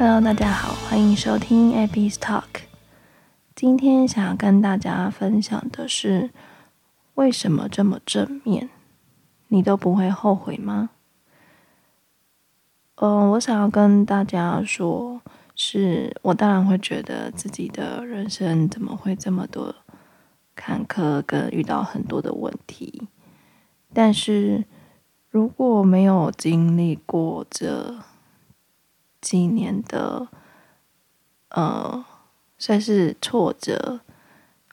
Hello，大家好，歡迎收聽 Abby's Talk。今天想要跟大家分享的是，為什麼這麼正面，你都不會後悔嗎？嗯、呃，我想要跟大家說，是我當然會覺得自己的人生怎麼會這麼多坎坷，跟遇到很多的問題。但是如果沒有經歷過這，幾年的，呃，算是挫折，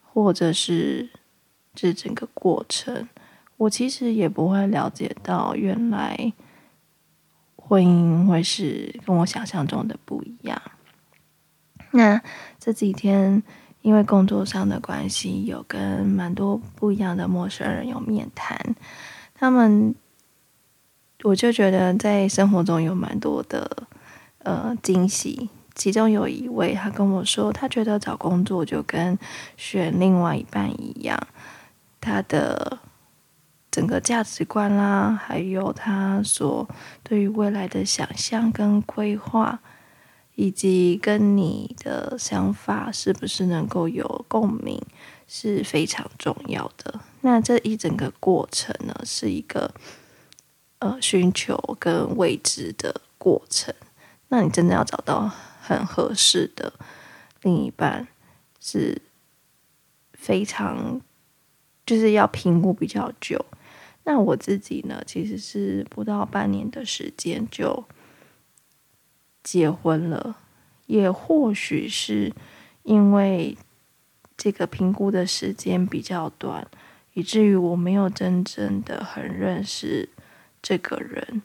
或者是這整個過程，我其實也不會了解到原來婚姻會是跟我想象中的不一樣。那這幾天因為工作上的關係，有跟蠻多不一樣的陌生人有面談，他們我就覺得在生活中有蠻多的。呃，驚喜。其中有一位，他跟我說，他覺得找工作就跟選另外一半一樣，他的整個價值觀啦，還有他所對於未來的想象跟規劃，以及跟你的想法是不是能夠有共鳴，是非常重要的。那這一整個過程呢，是一個呃，尋求跟未知的過程。那你真的要找到很合適的另一半，是非常，就是要評估比較久。那我自己呢，其實是不到半年的時間就結婚了，也或許是因為這個評估的時間比較短，以至於我沒有真正的很認識這個人。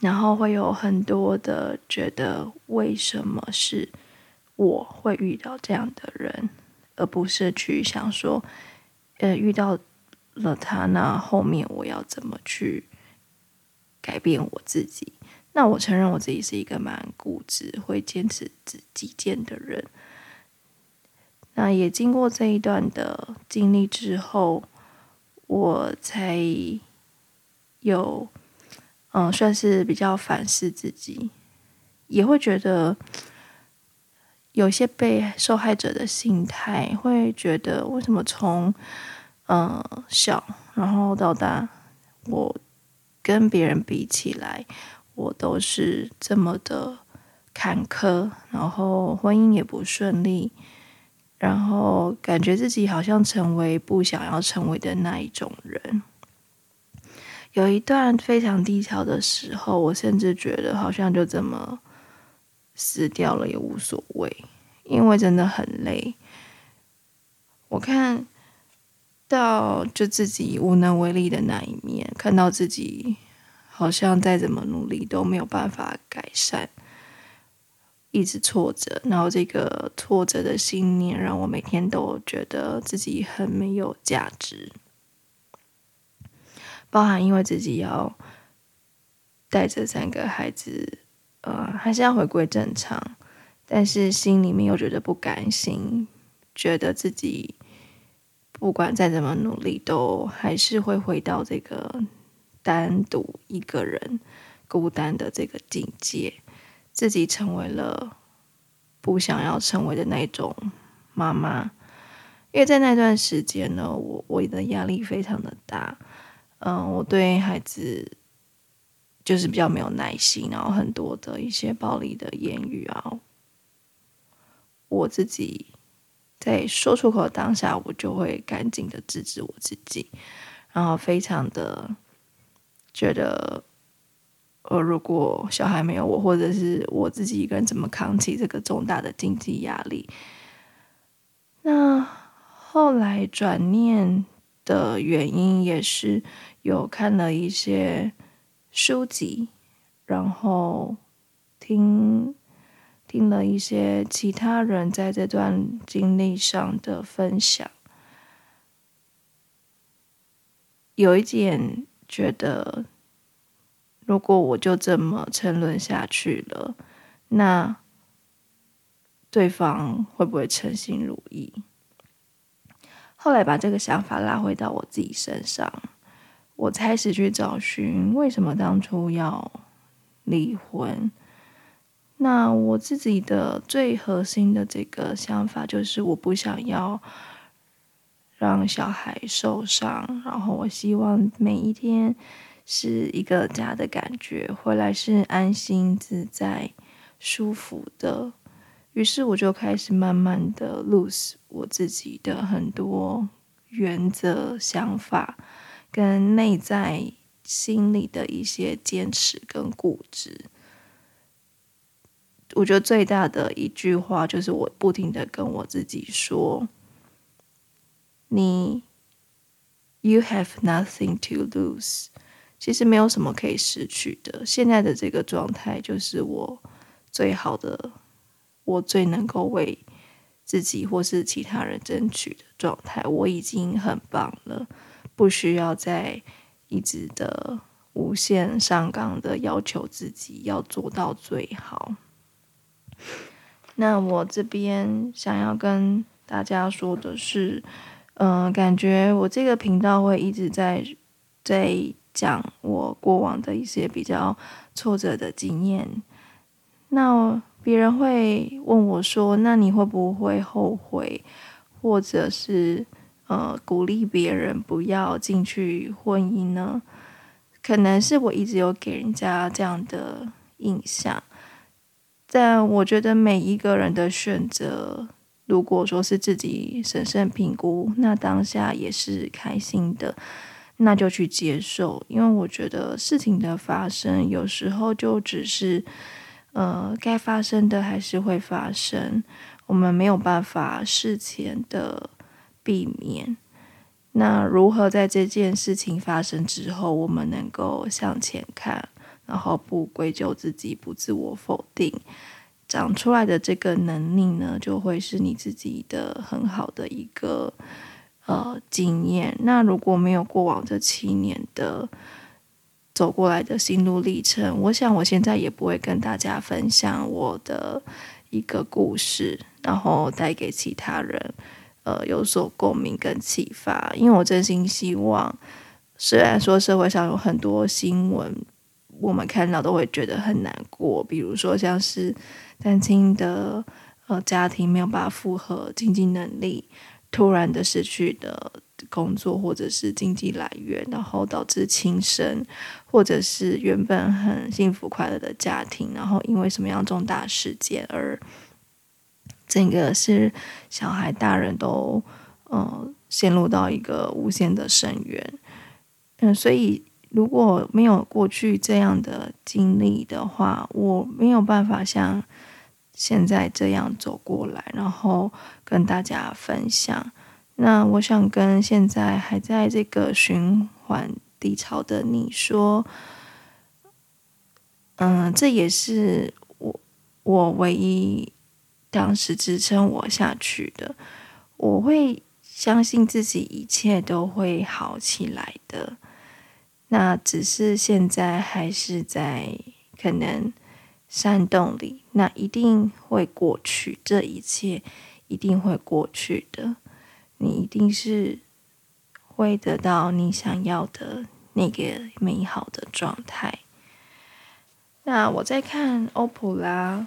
然後會有很多的覺得，為什麼是我會遇到這樣的人，而不是去想說，呃，遇到了他，那後面我要怎麼去改變我自己？那我承認我自己是一個蠻固執、會堅持己見的人。那也經過這一段的經歷之後，我才有。嗯，算是比較反思自己，也會覺得有些被受害者的心態，會覺得為什麼從嗯、呃、小然後到大，我跟別人比起來，我都是這麼的坎坷，然後婚姻也不順利，然後感覺自己好像成為不想要成為的那一種人。有一段非常低潮的時候，我甚至覺得好像就這麼死掉了也無所謂，因為真的很累。我看到就自己無能為力的那一面，看到自己好像再怎麼努力都沒有辦法改善，一直挫折，然後這個挫折的信念讓我每天都覺得自己很沒有價值。包含因為自己要帶着三個孩子，呃，還是要回歸正常，但是心裡面又覺得不甘心，覺得自己不管再怎麼努力，都還是會回到這個單獨一個人、孤單的這個境界，自己成為了不想要成為的那種媽媽。因為在那段時間呢，我我的壓力非常的大。嗯，我對孩子就是比較沒有耐心，然後很多的一些暴力的言語啊，我自己在說出口當下，我就會趕緊的制止我自己，然後非常的覺得，呃，如果小孩沒有我，或者是我自己一個人怎麼扛起這個重大的經濟壓力？那後來轉念。的原因也是有看了一些書籍，然後聽聽了一些其他人在這段經歷上的分享。有一點覺得，如果我就這麼沉淪下去了，那對方會不會稱心如意？後來把這個想法拉回到我自己身上，我開始去找尋為什麼當初要離婚。那我自己的最核心的這個想法就是我不想要讓小孩受傷，然後我希望每一天是一個家的感覺，回來是安心自在舒服的。於是我就開始慢慢的 lose 我自己的很多原則、想法跟內在心裡的一些堅持跟固執。我覺得最大的一句話就是，我不停的跟我自己說：“你，you have nothing to lose。”其實沒有什麼可以失去的。現在的這個狀態就是我最好的。我最能夠為自己或是其他人爭取的狀態，我已經很棒了，不需要再一直的無限上綱的要求自己要做到最好。那我這邊想要跟大家說的是，嗯、呃，感覺我這個頻道會一直在在講我過往的一些比較挫折的經驗。那。別人會問我說：“那你會不會後悔，或者是呃鼓勵別人不要進去婚姻呢？”可能是我一直有給人家這樣的印象，但我覺得每一個人的選擇，如果說是自己審慎評估，那當下也是開心的，那就去接受，因為我覺得事情的發生有時候就只是。呃，該發生的還是會發生，我們沒有辦法事前的避免。那如何在這件事情發生之後，我們能夠向前看，然後不歸咎自己，不自我否定，長出來的這個能力呢，就會是你自己的很好的一個呃經驗。那如果沒有過往這七年的，走過來的心路歷程，我想我現在也不會跟大家分享我的一個故事，然後帶給其他人，呃，有所共鳴跟啟發。因為我真心希望，雖然說社會上有很多新聞，我們看到都會覺得很難過，比如說像是單親的呃家庭沒有辦法負荷經濟能力，突然的失去的。工作、或者是經濟來源，然後導致輕生，或者是原本很幸福快樂的家庭，然後因為什麼樣重大事件而整個是小孩大人都呃陷入到一個無限的深淵。嗯，所以如果沒有過去這樣的經歷的話，我沒有辦法像現在這樣走過來，然後跟大家分享。那我想跟現在還在這個循環低潮的你說，嗯，這也是我我唯一當時支撐我下去的。我會相信自己，一切都會好起來的。那只是現在還是在可能山洞裡，那一定會過去，這一切一定會過去的。你一定是會得到你想要的那個美好的狀態。那我在看歐普拉，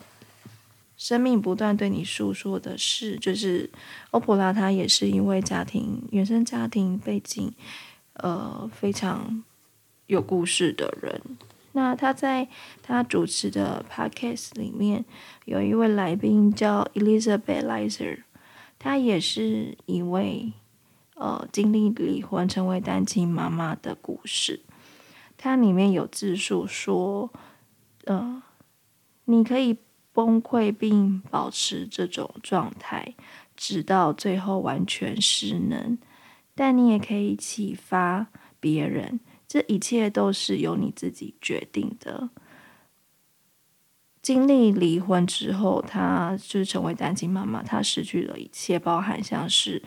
生命不斷對你訴說的事，就是歐普拉，她也是一位家庭原生家庭背景，呃，非常有故事的人。那她在她主持的 Podcast 裡面，有一位來賓叫 Elizabeth Lizer。她也是一位，呃，經歷離婚成為單親媽媽的故事。它裡面有自述說，呃，你可以崩潰並保持這種狀態，直到最後完全失能，但你也可以啟發別人，這一切都是由你自己決定的。經歷離婚之後，她就成為單親媽媽，她失去了一切，包含像是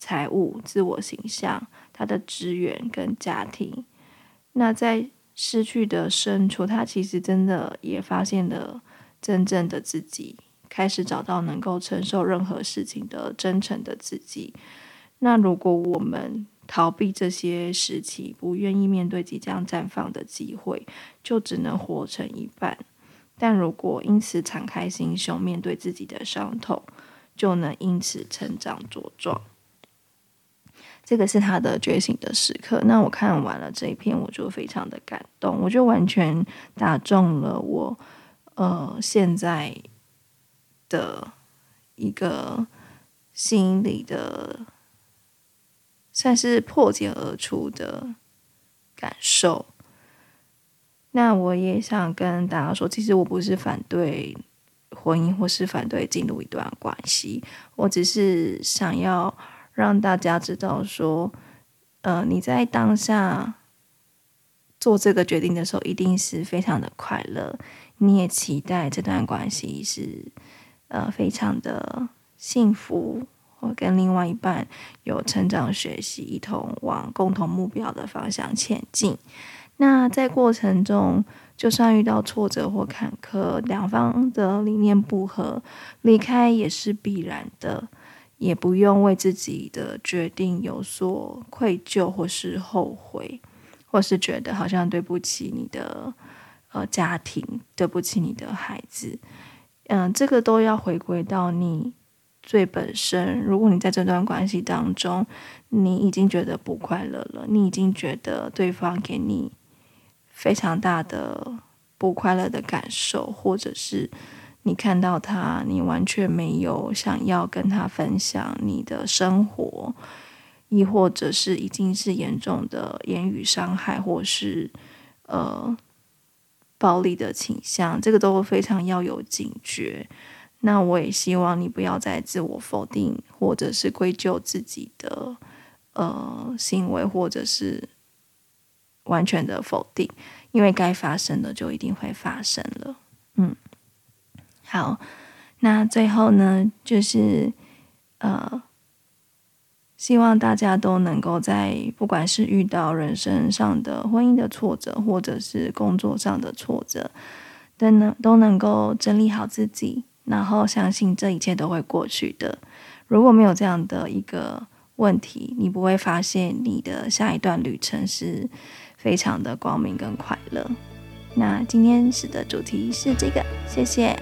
財務、自我形象、她的資源跟家庭。那在失去的深處，她其實真的也發現了真正的自己，開始找到能夠承受任何事情的真誠的自己。那如果我們逃避這些時期，不願意面對即將綻放的機會，就只能活成一半。但如果因此敞開心胸面對自己的傷痛，就能因此成長茁壯。這個是他的覺醒的時刻。那我看完了這一篇，我就非常的感動，我就完全打中了我，呃，現在的，一個心理的，算是破繭而出的感受。那我也想跟大家說，其實我不是反對婚姻，或是反對進入一段關係，我只是想要讓大家知道，說，呃，你在當下做這個決定的時候，一定是非常的快樂，你也期待這段關係是，呃，非常的幸福，我跟另外一半有成長、學習，一同往共同目標的方向前進。那在過程中，就算遇到挫折或坎坷，兩方的理念不合，離開也是必然的，也不用為自己的決定有所愧疚或是後悔，或是覺得好像對不起你的，呃，家庭，對不起你的孩子，嗯、呃，這個都要回歸到你最本身。如果你在這段關係當中，你已經覺得不快樂了，你已經覺得對方給你。非常大的不快樂的感受，或者是你看到他，你完全沒有想要跟他分享你的生活，亦或者是已經是嚴重的言語傷害，或是呃暴力的傾向，這個都非常要有警覺。那我也希望你不要再自我否定，或者是歸咎自己的呃行為，或者是。完全的否定，因為該發生的就一定會發生了。嗯，好，那最後呢，就是呃，希望大家都能夠在不管是遇到人生上的婚姻的挫折，或者是工作上的挫折，都能都能夠整理好自己，然後相信這一切都會過去的。如果沒有這樣的一個問題，你不會發現你的下一段旅程是。非常的光明跟快樂。那今天是的主題是這個，謝謝。